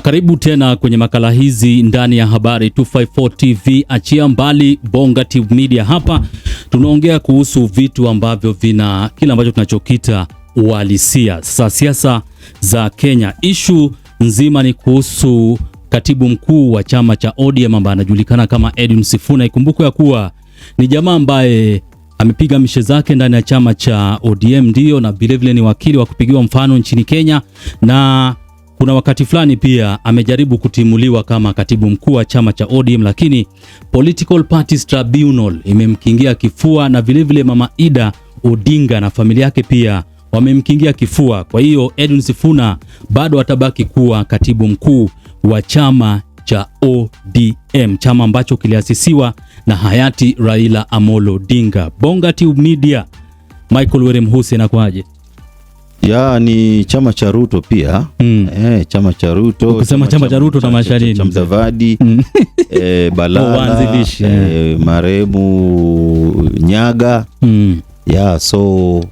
karibu tena kwenye makala hizi ndani ya habari 254 TV. Achia mbali Bonga TV Media, hapa tunaongea kuhusu vitu ambavyo vina kile ambacho tunachokita uhalisia. Sasa siasa za Kenya, ishu nzima ni kuhusu katibu mkuu wa chama cha ODM ambaye anajulikana kama Edwin Sifuna. Ikumbukwe ya kuwa ni jamaa ambaye amepiga mishe zake ndani ya chama cha ODM, ndio na vilevile ni wakili wa kupigiwa mfano nchini Kenya na kuna wakati fulani pia amejaribu kutimuliwa kama katibu mkuu wa chama cha ODM, lakini Political Parties Tribunal imemkingia kifua na vilevile vile Mama Ida Odinga na familia yake pia wamemkingia kifua. Kwa hiyo Edwin Sifuna bado atabaki kuwa katibu mkuu wa chama cha ODM, chama ambacho kiliasisiwa na hayati Raila Amolo Odinga. Bonga Tube Media, Michael Werem Huse, inakuaje? ya ni chama cha Ruto pia mm. E, chama cha Ruto kusema chama cha Ruto na masharini cha Mdavadi mm. E, eh, Balala e, marehemu Nyaga mm. Ya so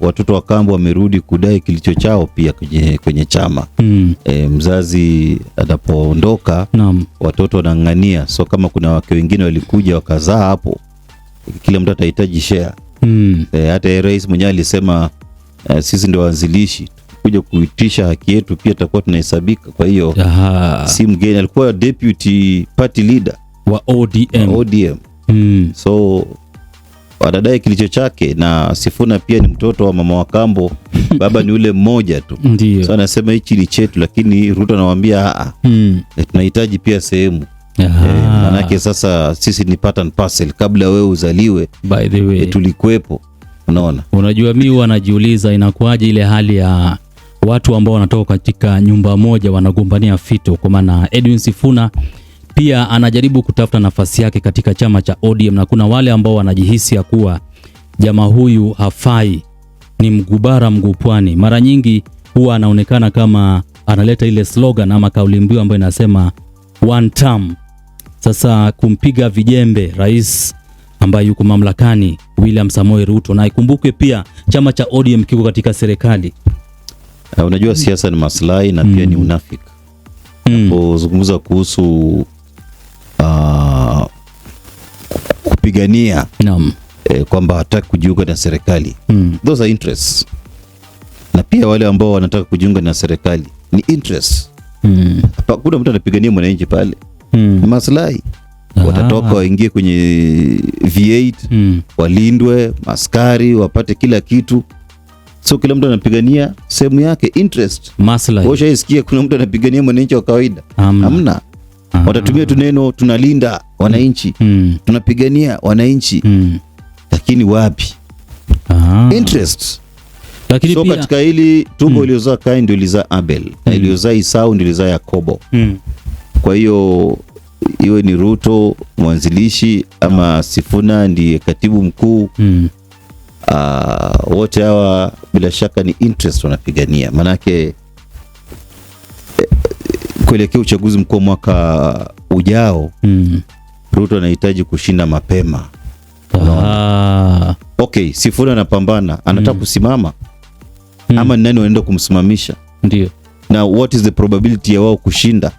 watoto wa kambo wamerudi kudai kilicho chao pia kwenye, kwenye chama mm. E, mzazi anapoondoka watoto wanang'ania, so kama kuna wake wengine walikuja wakazaa hapo, kila mtu atahitaji share mm. E, hata rais mwenyewe alisema eh, sisi ndio waanzilishi kuja kuitisha haki yetu pia tutakuwa tunahesabika. Kwa hiyo si mgeni, alikuwa deputy party leader wa ODM, wa ODM. Mm. So anadai kilicho chake, na Sifuna pia ni mtoto wa mama wa kambo baba ni ule mmoja tu ndiyo. So anasema hichi ni chetu, lakini Ruto anawaambia ah, ah, mm. tunahitaji pia sehemu eh, maanake sasa sisi ni pattern parcel, kabla wewe uzaliwe by the way, eh, tulikuwepo Unaona, unajua mi huwa najiuliza inakuwaje ile hali ya watu ambao wanatoka katika nyumba moja wanagombania fito, kwa maana Edwin Sifuna pia anajaribu kutafuta nafasi yake katika chama cha ODM na kuna wale ambao wanajihisi ya kuwa jamaa huyu hafai, ni mgubara mgupwani. Mara nyingi huwa anaonekana kama analeta ile slogan ama kauli mbiu ambayo inasema one term. Sasa kumpiga vijembe rais ambaye yuko mamlakani William Samoei Ruto, na ikumbukwe pia chama cha ODM kiko katika serikali. Uh, unajua siasa ni maslahi na mm. pia ni mm. unafiki mm. kuhusu uh, kupigania naam eh, kwamba hataki kujiunga na serikali mm. those are interests, na pia wale ambao wanataka kujiunga na serikali ni interests mm. Hakuna mtu anapigania mwananchi pale mm. ni maslahi watatoka waingie kwenye V8 mm. walindwe askari wapate kila kitu. So kila mtu anapigania sehemu yake interest, maslahi. Ushaisikia kuna mtu anapigania mwananchi wa kawaida? Hamna. Watatumia tu neno tunalinda wananchi mm. tunapigania wananchi mm. lakini wapi? Aha. interest lakini so pia, katika hili tumbo mm. iliyozaa Kaini ndio ilizaa Abel mm. na hmm. iliyozaa Isau ndio ilizaa Yakobo mm. kwa hiyo iwe ni Ruto mwanzilishi ama no. Sifuna ndiye katibu mkuu mm. Uh, wote hawa bila shaka ni interest wanapigania, manake eh, kuelekea uchaguzi mkuu mwaka ujao mm. Ruto anahitaji kushinda mapema ah. Okay, Sifuna anapambana anataka mm. kusimama mm. ama nani wanaenda kumsimamisha? Ndio. Na what is the probability ya wao kushinda?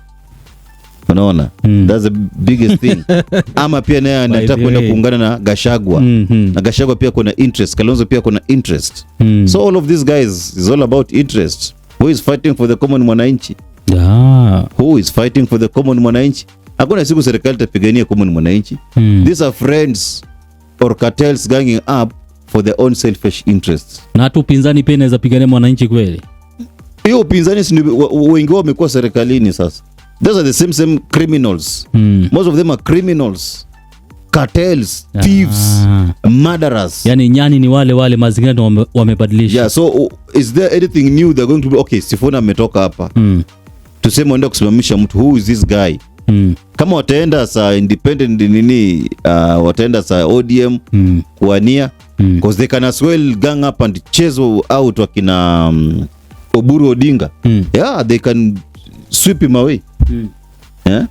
Unaona? Mm. That's the biggest thing. Ama pia naye anataka kwenda kuungana na Gashagwa. Mm -hmm. Na Gashagwa pia kuna interest, Kalonzo pia kuna interest. Mm. So all of these guys is all about interest. Who is fighting for the common mwananchi? Ah. Who is fighting for the common mwananchi? Hakuna siku serikali itapigania common mwananchi. Mm. These are friends or cartels ganging up for their own selfish interests. Na hata upinzani pia inaweza pigania mwananchi kweli? Hiyo upinzani si wengi wao wamekuwa serikalini sasa those are the same same criminals mm. most of them are criminals cartels yeah. thieves murderers yani nyani ni wale wale mazingira wame, wamebadilisha yeah, so oh, is there anything new they're going to be okay Sifuna ametoka hapa mm. tuseme waende kusimamisha mtu who is this guy Mm. Kama wataenda sa independent nini uh, wataenda sa ODM mm. kuania mm. cause they can as well gang up and chase out wakina um, Oburu Odinga mm. yeah they can sweep him away mm. yeah? Eh?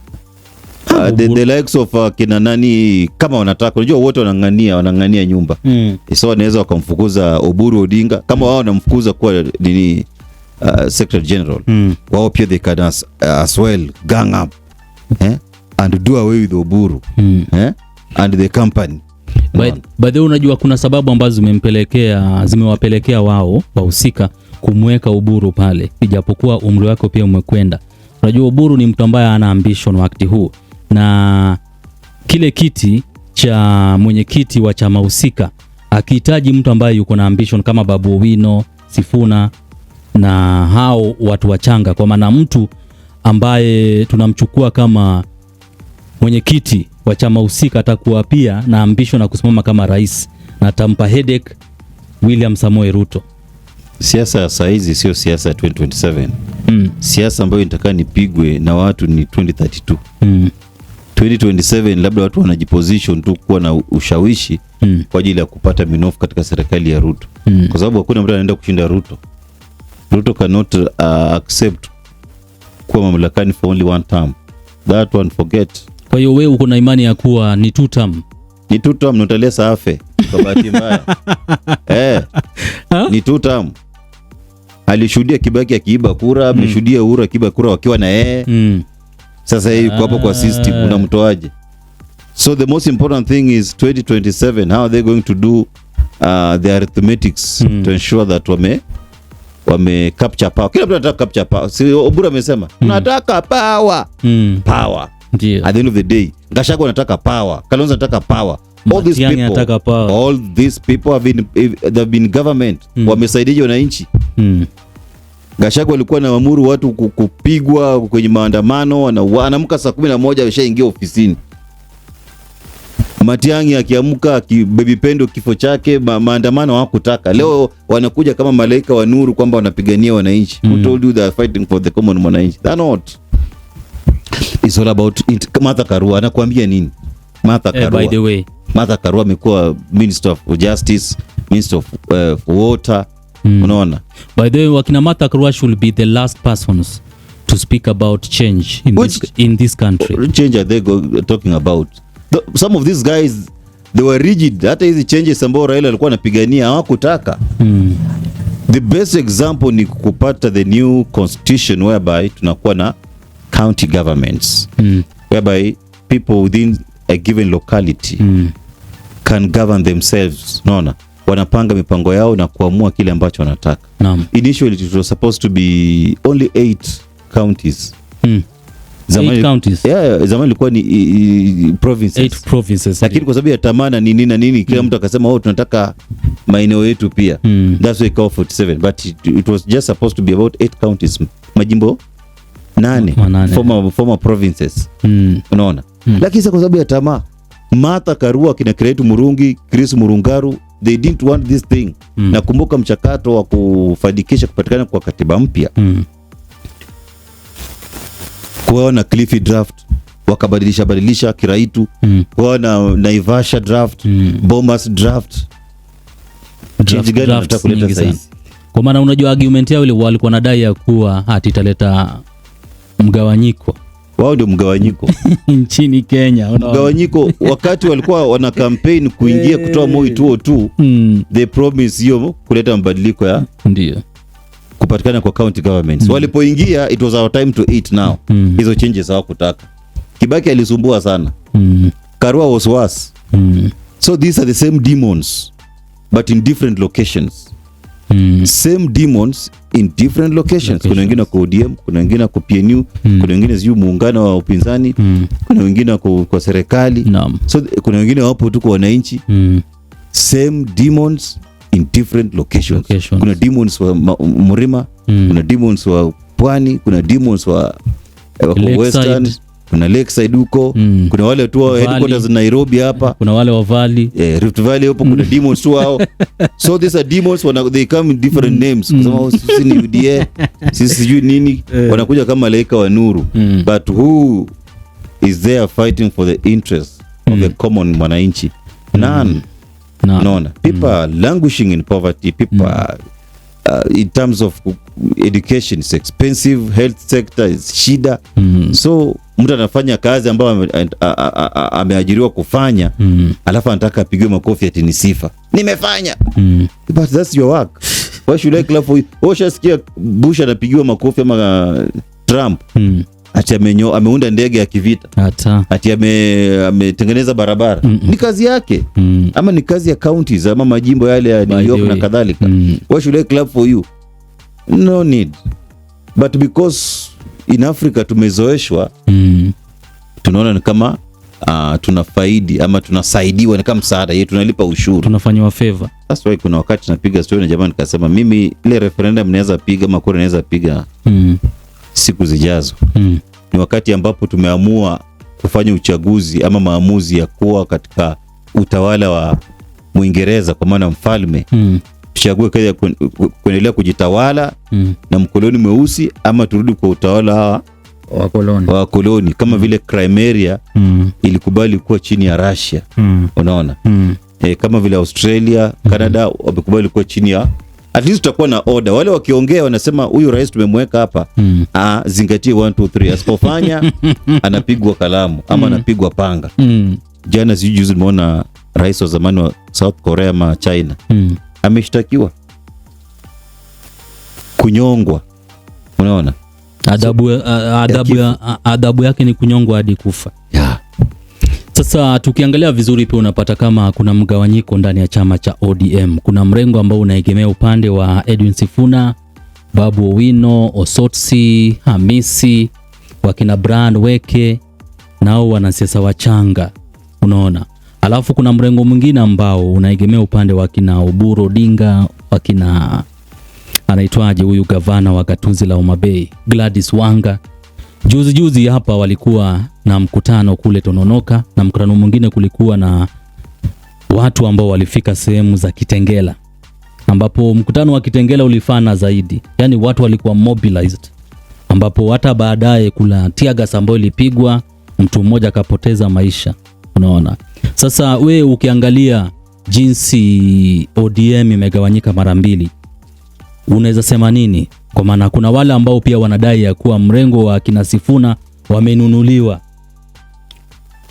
Uh, the, the likes of uh, kina nani kama wanataka, unajua wote wanang'ania wanang'ania nyumba mm. So wanaweza wakamfukuza Oburu Odinga kama mm. wao wanamfukuza kuwa nini uh, Secretary General mm. Wao pia they can as, uh, as well gang up eh? and do away with Oburu mm. eh? and the company by the unajua kuna sababu ambazo zimempelekea zimewapelekea wao wahusika kumweka Oburu pale, ijapokuwa umri wake pia umekwenda Unajua Uburu ni mtu ambaye ana ambition wakati huu, na kile kiti cha mwenyekiti wa chama husika akihitaji mtu ambaye yuko na ambition kama Babu Owino, Sifuna na hao watu wachanga, kwa maana mtu ambaye tunamchukua kama mwenyekiti wa chama husika atakuwa pia na ambition na kusimama kama rais, na atampa headache William Samoei Ruto siasa ya saa hizi sio siasa ya 2027 mm. Siasa ambayo nitakaa nipigwe na watu ni 2032 mm. 2027 labda watu wanajiposition tu kuwa na ushawishi mm. kwa ajili ya kupata minofu katika serikali ya Ruto mm. kwa sababu hakuna mtu anaenda kushinda Ruto. Ruto cannot uh, accept kuwa mamlakani for only one term. That one forget. Kwa hiyo wewe uko na imani ya kuwa ni two term. Ni two term, notalesa afe kwa bahati mbaya eh, ni two term alishuhudia Kibaki akiiba kura, hmm. ameshuhudia Uhuru akiiba kura wakiwa na yeye mm. Sasa yeye yuko hapo kwa system, ah. unamtoaje? So the most important thing is 2027 how are they going to do uh, the arithmetics mm. to ensure that wame wame capture power. Kila mtu anataka capture power. Si Obura amesema mm. nataka power. Mm. Power. Ndio. At the end of the day, Gachagua anataka power. Kalonzo anataka power. All these people, all these people have been, they've been government. Hmm. Wamesaidia wananchi mm. Gachagua alikuwa na amuru watu kupigwa kwenye maandamano, anaamka saa kumi na moja ameshaingia ofisini. Matiang'i akiamka Baby Pendo kifo chake, ma, maandamano hawakutaka. Leo wanakuja kama malaika wa nuru kwamba wanapigania wananchi. Mm. Who told you they are fighting for the common mwananchi? They are not. It's all about it. Martha Karua anakuambia nini? Martha eh, Karua. Hey, By the way, Martha Karua amekuwa Minister of Justice, Minister of uh, Water Mm. Unaona? By the way, wakina Martha Karua will be the last persons to speak about change in Which, this, in this country. Oh, change are they go, talking about? The, some of these guys they were rigid. Hata hizi changes ambao Raila alikuwa anapigania hawakutaka. Mm. The best example ni kupata the new constitution whereby tunakuwa na county governments. Mm. Whereby people within a given locality mm. can govern themselves. Unaona? wanapanga mipango yao na kuamua kile ambacho wanataka. Naam. Initially it was supposed to be only eight counties. Mm. Zamani, counties. Yeah, zamani ilikuwa ni i, i, provinces. Eight provinces. Lakini kwa sababu ya tamana ni nini na nini kila mm. mtu akasema oh, tunataka maeneo yetu pia. Mm. That's why it ikawa 47 but it, it was just supposed to be about eight counties. Majimbo nane, Manane. Former, former provinces. Mm. Unaona? Mm. Lakini sasa kwa sababu ya tamaa Martha Karua kina Kretu Murungi, Chris Murungaru they didn't want this thing mm. Nakumbuka mchakato wa kufanikisha kupatikana kwa katiba mpya mm. Kuwa na Cliff draft wakabadilisha badilisha Kiraitu mm. Kuwa na Naivasha draft mm. Bomas draft draft kuleta kwa maana unajua argument yao ile walikuwa nadai ya kuwa hati italeta mgawanyiko wao ndio mgawanyiko nchini Kenya. Mgawanyiko wakati walikuwa wana campaign kuingia eh. kutoa Moi 202 mm. they promise hiyo kuleta mabadiliko ya ndio kupatikana kwa county governments mm. walipoingia, it was our time to eat now mm. hizo changes hawakutaka. Kibaki alisumbua sana mm. Karua was worse mm. so these are the same demons but in different locations mm. same demons in different locations, Kuna wengine wako ODM, kuna wengine wako PNU mm. kuna wengine ziu muungano wa upinzani mm. kuna wengine wako kwa serikali so kuna wengine wapo tu kwa wananchi mm. same demons in different locations. Kuna demons wa Murima kuna demons wa Pwani, kuna demons wa, eh, Western kuna Lakeside huko mm. kuna wale tu headquarters Nairobi hapa, kuna wale wa Valley yeah, Rift Valley hapo kuna mm. demons wao, so these are demons when they come in different mm. names, kwa sababu mm. sisi ni UDA sisi sijui nini yeah. wanakuja kama malaika wa nuru mm. but who is there fighting for the interest mm. of the mm. common mwananchi mm. none no. no. people mm. languishing in poverty people mm. uh, in terms of education is expensive, health sector is shida mm -hmm. so mtu anafanya kazi ambayo ameajiriwa kufanya mm. -hmm. alafu anataka apigiwe makofi ati ni sifa, nimefanya mm. -hmm. but that's your work why should I clap for you? Ushasikia Bush anapigiwa makofi ama uh, Trump mm. -hmm ati amenyo, ameunda ndege ya kivita hata ati ametengeneza ame, barabara mm -mm. ni kazi yake mm. ama ni kazi ya counties ama majimbo yale ya New York na kadhalika mm. why should I clap for you? no need, but because in Africa tumezoeshwa mm. tunaona ni kama uh, tunafaidi ama tunasaidiwa, ni kama msaada yetu, tunalipa ushuru, tunafanywa favor. That's why kuna wakati napiga story na jamaa nikasema, mimi ile referendum naweza piga ama kura naweza piga mm. siku zijazo mm. ni wakati ambapo tumeamua kufanya uchaguzi ama maamuzi ya kuwa katika utawala wa Mwingereza kwa maana mfalme mm tuchague kazi ya kuendelea kujitawala mm. na mkoloni mweusi ama turudi kwa utawala wa wakoloni wa koloni, kama vile Crimea mm. ilikubali kuwa chini ya Russia mm. unaona mm. E, kama vile Australia mm. Canada wamekubali kuwa chini ya at least tutakuwa na order. Wale wakiongea wanasema huyu rais tumemweka hapa mm. Ah, zingatie 1 2 3, asipofanya anapigwa kalamu ama mm. anapigwa panga mm. Jana sijui juzi nimeona rais wa zamani wa South Korea ma China mm ameshtakiwa kunyongwa, unaona adabu, eh, eh, adabu, eh, adabu yake ni kunyongwa hadi kufa ya. Sasa tukiangalia vizuri pia unapata kama kuna mgawanyiko ndani ya chama cha ODM. Kuna mrengo ambao unaegemea upande wa Edwin Sifuna, Babu Owino, Osotsi, Hamisi, wakina Brand Weke nao wanasiasa wachanga, unaona Alafu kuna mrengo mwingine ambao unaegemea upande wa kina Oburu Odinga, wa kina anaitwaje huyu gavana wa gatuzi la Homa Bay Gladys Wanga. Juzi juzi hapa walikuwa na mkutano kule Tononoka, na mkutano mwingine kulikuwa na watu ambao walifika sehemu za Kitengela, ambapo mkutano wa Kitengela ulifana zaidi, yaani watu walikuwa mobilized, ambapo hata baadaye kuna tear ambayo ilipigwa, mtu mmoja akapoteza maisha. Unaona, sasa we ukiangalia jinsi ODM imegawanyika mara mbili, unaweza sema nini? Kwa maana kuna wale ambao pia wanadai ya kuwa mrengo wa kina Sifuna wamenunuliwa.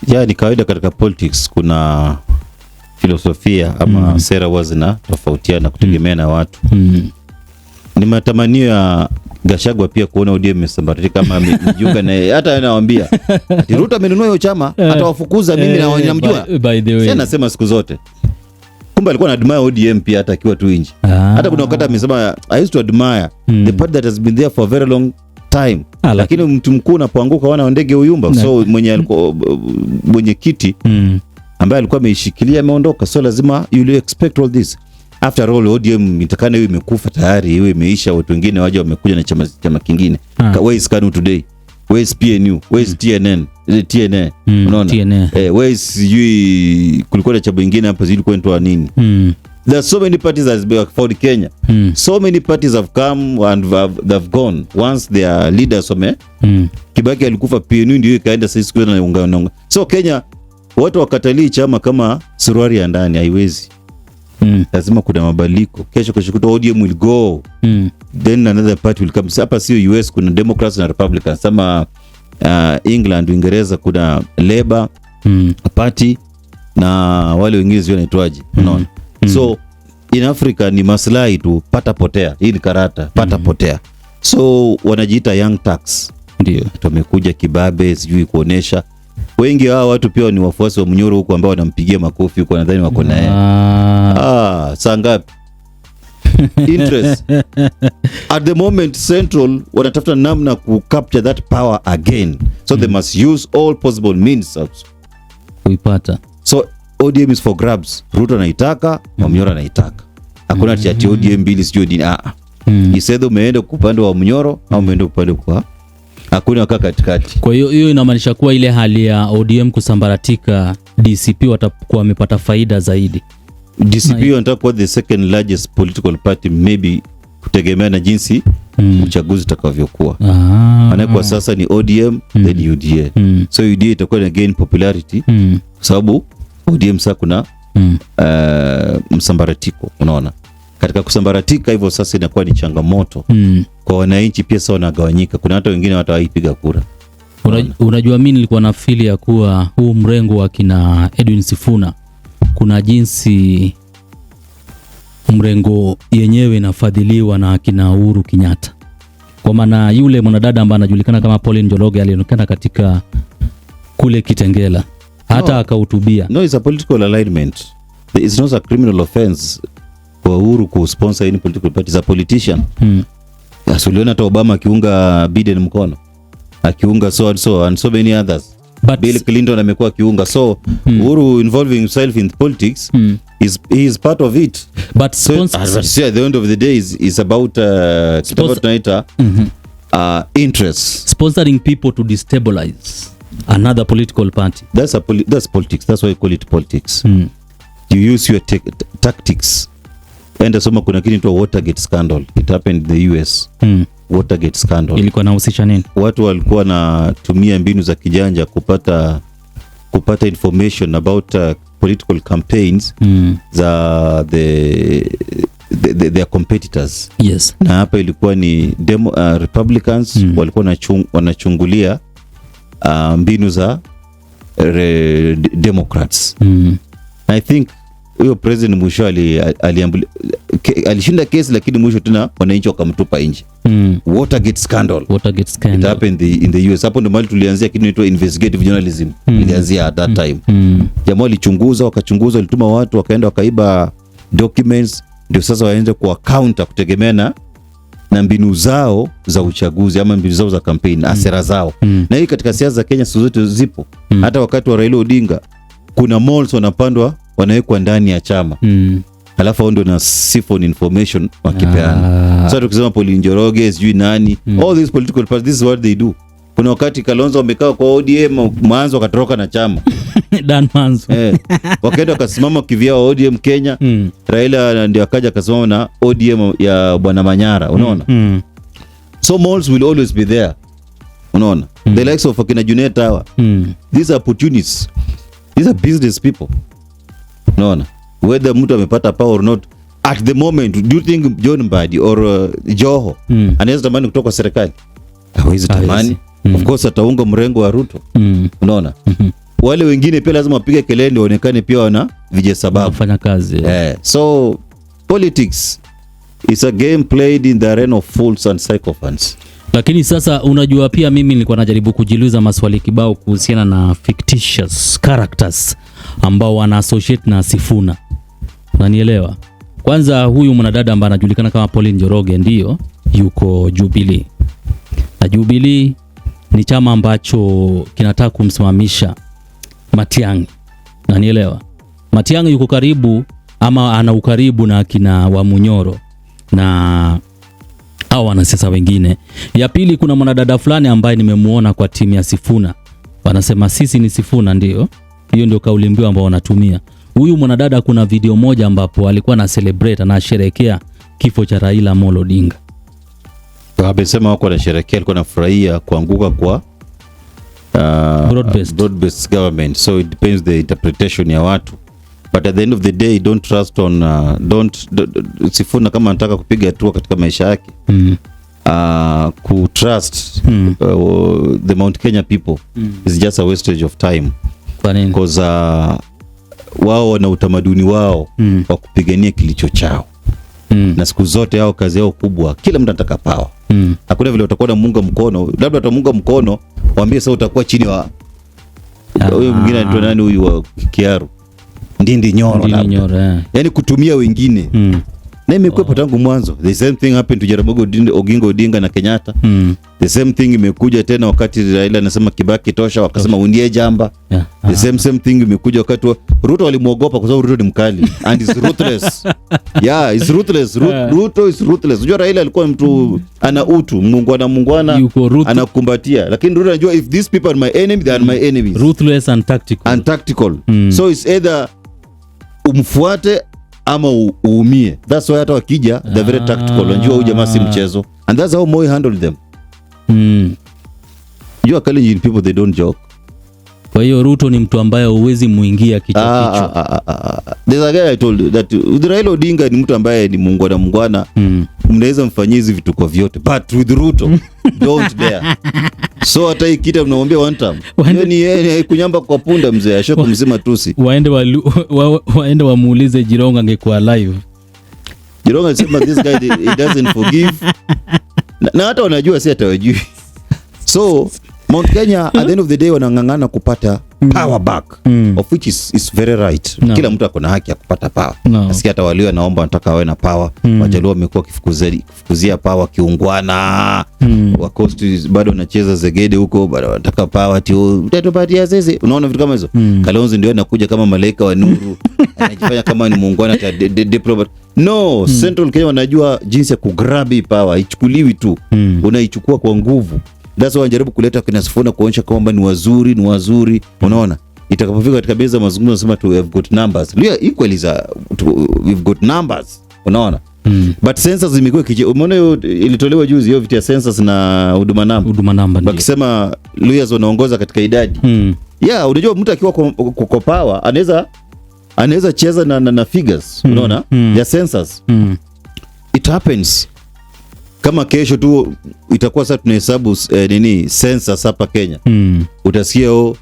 Ya, ni kawaida katika politics, kuna filosofia ama mm. sera huwa zina tofautiana kutegemea mm. na watu mm ni matamanio ya Gashagwa pia kuona ODM imesambaratika kama mjiunga na hata anawaambia ati Ruto amenunua hiyo chama eh. atawafukuza. Mimi na eh, namjua, sasa nasema siku zote, kumbe alikuwa anadmire ODM pia hata akiwa tu nje ah. Hata kuna wakati amesema I used to admire hmm. the party that has been there for a very long time, ah, lakini like... mtu mkuu unapoanguka wana ndege uyumba huyumba. So mwenye alikuwa mwenye kiti hmm. ambaye alikuwa ameishikilia ameondoka, so lazima you expect all this After all ODM itakana hiyo imekufa tayari, hiyo imeisha, watu wengine waje wamekuja na chama chama kingine. Ah. Where is KANU today? Where is PNU? Where is mm. TNN? Is it TNA. Mm, Unaona? Eh, where is you kulikuwa na chama kingine hapo zilikuwa inaitwa nini? Mm. There are so many parties that have found Kenya. Mm. So many parties have come and have, they've gone once their leaders wame. Mm. Kibaki alikufa, PNU ndio ikaenda sasa siku na unga unga. So Kenya watu wakatalii chama kama suruari ya ndani haiwezi mm. lazima kuna mabadiliko. Kesho keshokutwa ODM will go mm. then another party will come. Hapa sio US, kuna Democrats na Republicans ama uh, England Uingereza kuna Labour mm. party na wale wengine sio wanaitwaje, mm. unaona mm. so in Africa ni maslahi tu, pata potea. Hii ni karata, pata mm. potea. So wanajiita young tax, ndio tumekuja kibabe, sijui kuonesha wengi hao watu pia ni wafuasi wa Mnyoro huko ambao wanampigia makofi huko, nadhani wako naye ah. Ah, saa ngapi? interest at the moment central wanatafuta namna ku capture that power again so mm. they hmm. must use all possible means kuipata. So ODM is for grabs. Ruto anaitaka mm. Wamnyoro anaitaka, hakuna mm. chati ODM mbili sio dini ah, ah. mm. isedho umeenda kupande wa Mnyoro mm. au umeenda kupande kwa hakuna wakaa katikati. Kwa hiyo hiyo inamaanisha kuwa ile hali ya ODM kusambaratika, DCP watakuwa wamepata faida zaidi. DCP wanataka kuwa the second largest political party maybe kutegemea na jinsi mm. uchaguzi utakavyokuwa. Ah. Maana kwa sasa ni ODM mm. then UDA mm. so UDA itakuwa na gain popularity mm. sababu ODM sasa kuna mm. uh, msambaratiko unaona katika kusambaratika hivyo sasa inakuwa ni changamoto mm. kwa wananchi pia sasa wanagawanyika. Kuna hata wengine watawaipiga kura. Unajua, mimi nilikuwa na fili ya kuwa huu mrengo wa kina Edwin Sifuna kuna jinsi mrengo yenyewe inafadhiliwa na akina Uhuru Kenyatta, kwa maana yule mwanadada ambaye anajulikana kama Pauline Njoroge alionekana katika kule Kitengela hata no, akahutubia. No, it's a political alignment. There is not a criminal offense kwa Uhuru ku sponsor any political party. He's a politician. Hmm. Asuliona hata Obama akiunga Biden mkono akiunga so and so and so many others But Bill Clinton amekuwa kiunga so mm. Uhuru involving himself in politics mm. is he is part of it but so, as at the end of the day is, is about uh, tunaita mm -hmm. uh, interests sponsoring people to destabilize another political party that's a poli that's politics that's why you call it politics mm. you use your tactics and asoma kuna kitu watergate scandal it happened in the US mm. Watergate scandal ilikuwa inahusisha nini? Watu walikuwa wanatumia mbinu za kijanja kupata kupata information about uh, political campaigns mm. za the, the, the, their competitors yes. Na hapa ilikuwa ni demo, uh, Republicans mm. walikuwa wanachungulia uh, mbinu za re, Democrats mm. I think huyo president mwisho ali, ali, ali, ke, alishinda kesi lakini mwisho tena wananchi wakamtupa nje. Mm. Watergate scandal. Watergate scandal. It happened the, in the US. Hapo ndio mali tulianzia kitu inaitwa investigative journalism. Mm. Ilianzia at that hmm. time. Mm. Jamaa walichunguza, wakachunguza, walituma watu wakaenda wakaiba documents ndio sasa waende kwa counter kutegemeana na mbinu zao za uchaguzi ama mbinu zao za kampeni, asera hmm. zao. Mm. Na hii katika siasa za Kenya siku zote zipo. Mm. Hata wakati wa Raila Odinga kuna malls wanapandwa wanawekwa ndani ya chama. Mm alafu au na siphon information wakipeana. Ah. So tukisema Paul Njoroge sijui nani mm. all these political parties this is what they do. Kuna wakati Kalonzo wamekaa kwa ODM mwanzo wakatoroka na chama Dan Manzo eh, wakaenda wakasimama kivyao ODM Kenya mm. Raila ndio akaja akasimama na ODM ya bwana Manyara, unaona mm. so malls will always be there, unaona mm. the likes of akina Junet hawa mm. these are opportunists, these are business people, unaona whether mtu amepata power or not at the moment, do you think John Mbadi or uh, Joho mm. anaweza tamani kutoka kwa serikali? Hawezi tamani mm. of course ataunga mrengo wa Ruto mm. unaona mm -hmm. wale wengine pia lazima wapige kelele waonekane pia wana vije sababu wanafanya kazi yeah. so politics is a game played in the arena of fools and psychopaths. Lakini sasa unajua, pia mimi nilikuwa najaribu kujiuliza maswali kibao kuhusiana na fictitious characters ambao wana associate na Sifuna unanielewa. Kwanza huyu mwanadada ambaye anajulikana kama Pauline Njoroge ndiyo yuko Jubilee, na Jubilee ni chama ambacho kinataka kumsimamisha Matiang'i, unanielewa. Matiang'i yuko karibu ama ana ukaribu na kina Wamunyoro na au wanasiasa wengine. Ya pili, kuna mwanadada fulani ambaye nimemuona kwa timu ya Sifuna, wanasema sisi ni Sifuna, ndio hiyo ndio kauli mbiu ambao wanatumia. Huyu mwanadada kuna video moja ambapo alikuwa na celebrate na sherekea kifo cha Raila Amolo Odinga. Amesema wako anasherekea, alikuwa anafurahia kuanguka kwa uh, broad-based. Broad-based government. So it depends the interpretation ya watu. But at the end of the day don't trust on uh, don't, do, do, Sifuna kama anataka kupiga hatua katika maisha yake mm. Uh, ku trust mm. uh, the Mount Kenya people mm. is just a wastage of time Kwa nini? because uh, wao wana utamaduni wao mm. wa kupigania kilicho chao mm. na siku zote hao kazi yao kubwa, kila mtu anataka pawa. Mm. Hakuna vile utakuwa namuunga mkono, labda utamuunga mkono waambie sasa utakuwa chini wa ah. huyo mwingine anaitwa nani huyu wa Kiaru Ndindi Nyoro, Ndindi Nyoro, yeah. yaani kutumia wengine mm na imekuwepo tangu mwanzo. The same thing happened to Jaramogi Oginga Odinga na Kenyatta. Mm. The same thing imekuja tena wakati Raila anasema Kibaki tosha, wakasema undie jamba. Yeah. The same same thing imekuja wakati wa Ruto, walimuogopa kwa sababu Ruto ni mkali and is ruthless. Yeah, is ruthless. Ru yeah. Ruto is ruthless. Unajua Raila alikuwa mtu ana utu, mungwana mungwana anakumbatia. Lakini Ruto anajua if these people are my enemy, they are my hmm. enemies. Ruthless and tactical. And tactical. Mm. So it's either umfuate ama uumie. That's why hata wakija the very tactical. Unajua huyu jamaa si ah. mchezo. And that's how Moi handle them. Mm. You are calling in people they don't joke. Kwa hiyo Ruto ni mtu ambaye huwezi muingia kichwa ah, kichwa. Ah, ah, ah, ah. There's a guy I told you that Raila Odinga ni mtu ambaye ni muungwana mungwana. Mm. Mnaweza mfanyia hizi kwa vyote but with Ruto don't dare. So hata hii kita mnamwambia one time. Ni, kunyamba kwa punda mzee, ashoko mzima tusi. Waende wa, wa, waende wamuulize Jironga angekuwa live. Jironga sema this guy he doesn't forgive. Na, na hata wanajua si hata wajui. So Mount Kenya at the end of the day wanang'ang'ana kupata mm. power back mm. of which is, is very right no. Kila mtu ako na haki ya kupata power no. Nasikia hata walio naomba wanataka wawe na power mm. Wajaluo wamekuwa kifukuzia power kiungwana mm. Wakosti bado wanacheza zegede huko bado wanataka power tio oh, unaona vitu kama hizo mm. ndio anakuja kama malaika wa nuru anajifanya kama ni muungwana diplomat no mm. Central Kenya wanajua jinsi ya kugrabi power, ichukuliwi tu mm. Unaichukua kwa nguvu That's why wanajaribu kuleta kina Sifuna kuonyesha kwamba ni wazuri, ni wazuri. Unaona? Itakapofika katika meza ya mazungumzo nasema tu we have got numbers. Leo equally za we've got numbers. Unaona? Mm. But census imekuwa kije. Umeona hiyo ilitolewa juzi hiyo vitu ya census na huduma namba. Huduma namba. Wakisema lawyers wanaongoza katika idadi. Mm. Yeah, unajua mtu akiwa kwa, kwa, power anaweza anaweza cheza na, na, na figures. Mm. Unaona? Mm. Ya census. Mm. It happens kama kesho tu itakuwa sasa tunahesabu eh, nini sensa hapa Kenya mm. Utasikia o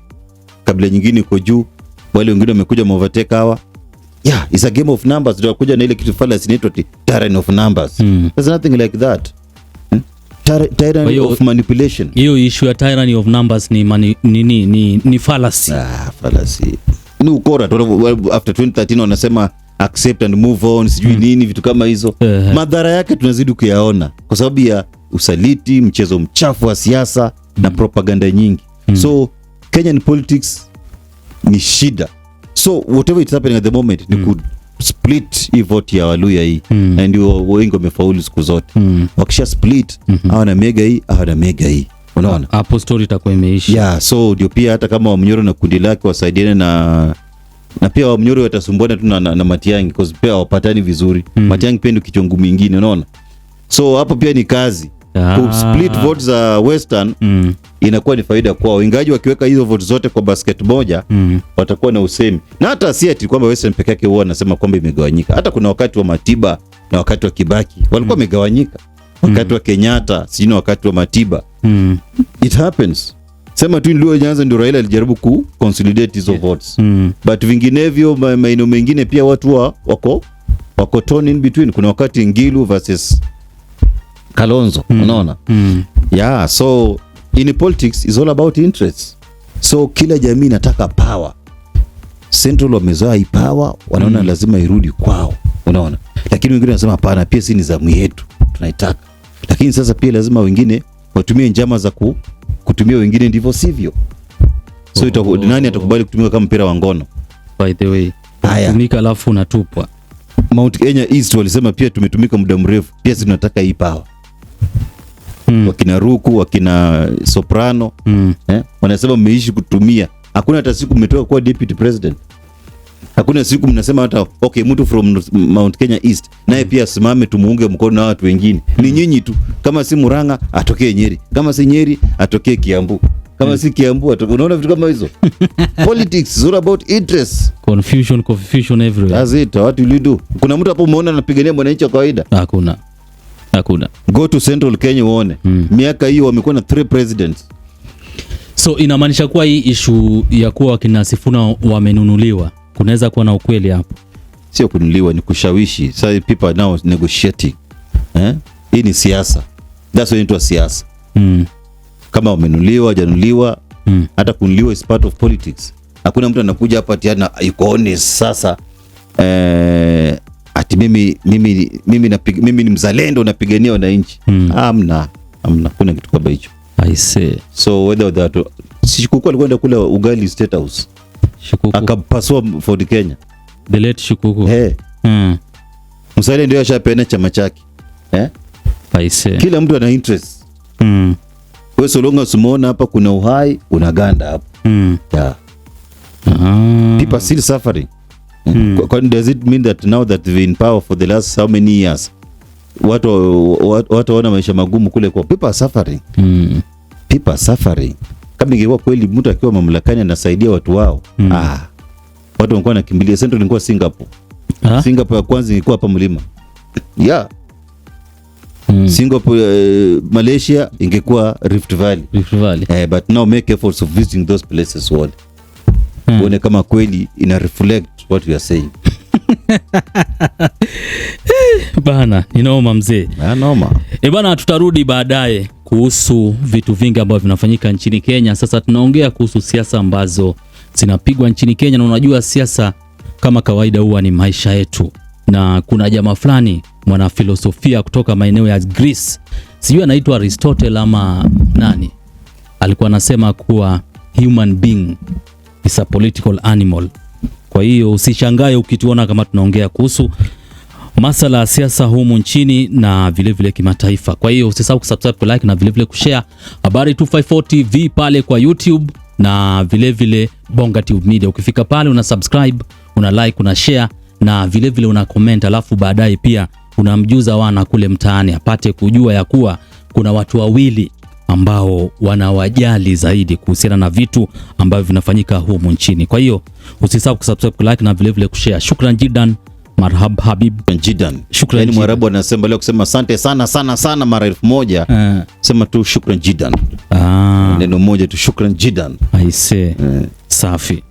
kabila nyingine iko juu, wale wengine wamekuja overtake hawa yeah, it's a game of numbers. Ndio Tutakuja na ile kitu falasi inaitwa tyranny of numbers mm. There's nothing like that hmm? Tyranny yo, of manipulation. Hiyo issue ya tyranny of numbers ni mani, ni, ni, ni, ni fallacy. Ah, fallacy. Ni ukora. After 2013 wanasema accept and move on, sijui mm. nini vitu kama hizo uh -huh. madhara yake tunazidi kuyaona kwa sababu ya usaliti, mchezo mchafu wa siasa mm. na hmm. propaganda nyingi mm. so Kenyan politics ni shida, so whatever it's happening at the moment mm. ni hmm. ku split hii vote ya Waluya hii mm. na ndio wengi wamefaulu siku zote mm. wakisha split mm -hmm. hawana mega hii hawana mega hii unaona hapo story itakuwa imeisha. Yeah, so ndio pia hata kama Wamnyoro na kundi lake wasaidiane na na pia Wamnyoro watasumbuana tu na, na, na Matiangi cause pia wapatani vizuri mm. Matiangi pia ndio kichungu mingine, unaona, so hapo pia ni kazi ah. ku split votes za Western mm. inakuwa ni faida kwao, ingawaje wakiweka hizo votes zote kwa basket moja mm. watakuwa na usemi, na hata si ati kwamba Western peke yake huwa anasema kwamba imegawanyika. Hata kuna wakati wa Matiba na wakati wa Kibaki walikuwa mm. wamegawanyika mm. wakati mm. wa Kenyatta sijui na wakati wa Matiba mm. it happens mm sema tu ndio Nyanza ndio Raila alijaribu ku consolidate hizo yeah. votes mm. but vinginevyo maeneo mengine pia watu wa, wako wako torn in between. Kuna wakati Ngilu versus Kalonzo mm. unaona mm. yeah so in politics is all about interests, so kila jamii inataka power. Central wamezoa hii power, wanaona mm. lazima irudi kwao, unaona, lakini wengine wanasema hapana, pia si ni zamu yetu tunaitaka, lakini sasa pia lazima wengine watumie njama za ku kutumia wengine ndivyo sivyo. So oh, itaku, nani atakubali kutumika kama mpira wa ngono? By the way, tumika alafu unatupwa. Mount Kenya East walisema pia tumetumika muda mrefu, pia si tunataka hii pawa Mm. Wakina Ruku, wakina Soprano, mm. eh? Wanasema mmeishi kutumia. Hakuna hata siku mmetoka kuwa deputy president. Hakuna siku mnasema hata okay, mtu from Mount Kenya East naye pia asimame tumuunge mkono na watu wengine. Ni nyinyi tu, kama si Murang'a atokee Nyeri, kama si Nyeri atokee Kiambu, kama si Kiambu atokee. Unaona vitu kama hizo politics is all about interest, confusion, confusion everywhere. That's it. What will you do? Kuna mtu hapo umeona anapigania mwananchi wa kawaida? Hakuna, hakuna. Go to Central Kenya uone, hmm, miaka hiyo wamekuwa na three presidents. So inamaanisha kuwa hii issue ya kuwa wakina Sifuna wamenunuliwa kunaweza kuwa na ukweli hapo. Sio kunuliwa, ni kushawishi. Sasa people are now negotiating. Eh? Hii ni siasa. That's why inaitwa siasa. Mm. Kama umenuliwa, hujanuliwa, mm. hata kunuliwa is part of politics. Hakuna mtu anakuja hapa ati ana ikoone sasa eh, ati mimi mimi mimi napig, mimi ni mzalendo napigania wananchi. hamna Mm. Hamna. Hamna kuna kitu kama hicho. I see. So whether that sikukuwa alikwenda kula ugali State House. Shukuku. Akapasua Ford Kenya. The late Shukuku. Mm. ndio chama chake. Eh? Kila mtu ana interest. Mm. Wewe solonga usimuona hapa kuna uhai unaganda hapa. Mm. Yeah. Ah. People still suffering. Mm. Does it mean that now that in power for the last many years? Watu watu wana maisha magumu kule kwa people are suffering. Mm. People are suffering. Kama ingekuwa kweli mtu akiwa mamlakani anasaidia watu wao mm. ah, watu wangekuwa nakimbilia. sentro, ilikuwa Singapore ha? Singapore ya kwanza ilikuwa hapa mlima ya yeah. Hmm. Singapore uh, Malaysia ingekuwa Rift Valley, Rift Valley. Eh, but now make efforts of visiting those places all mm. uone kama kweli ina reflect what you are saying Bana, ni noma mzee. Noma. E eh, bana, tutarudi baadaye kuhusu vitu vingi ambavyo vinafanyika nchini Kenya. Sasa tunaongea kuhusu siasa ambazo zinapigwa nchini Kenya, na unajua siasa kama kawaida huwa ni maisha yetu, na kuna jamaa fulani mwanafilosofia kutoka maeneo ya Greece, sijui anaitwa Aristotle ama nani, alikuwa anasema kuwa human being is a political animal kwa hiyo usishangae ukituona kama tunaongea kuhusu masala ya siasa humu nchini na vilevile kimataifa. Kwa hiyo usisahau kusubscribe, kulike na vilevile kushare habari 254 TV pale kwa YouTube na vilevile vile Bonga Tube Media. Ukifika pale una subscribe, una like, una share na vilevile vile una comment, alafu baadaye pia unamjuza wana kule mtaani apate kujua ya kuwa kuna watu wawili ambao wanawajali zaidi kuhusiana na vitu ambavyo vinafanyika humu nchini. Kwa hiyo usisahau kusubscribe, like na vile vile kushare. Shukran jidan. Marhab Habib jidan. Shukran yani Mwarabu anasema leo kusema asante sana sana sana mara elfu moja eh. Sema tu shukran jidan ah. Neno moja tu shukran jidan. I see. Eh. Safi.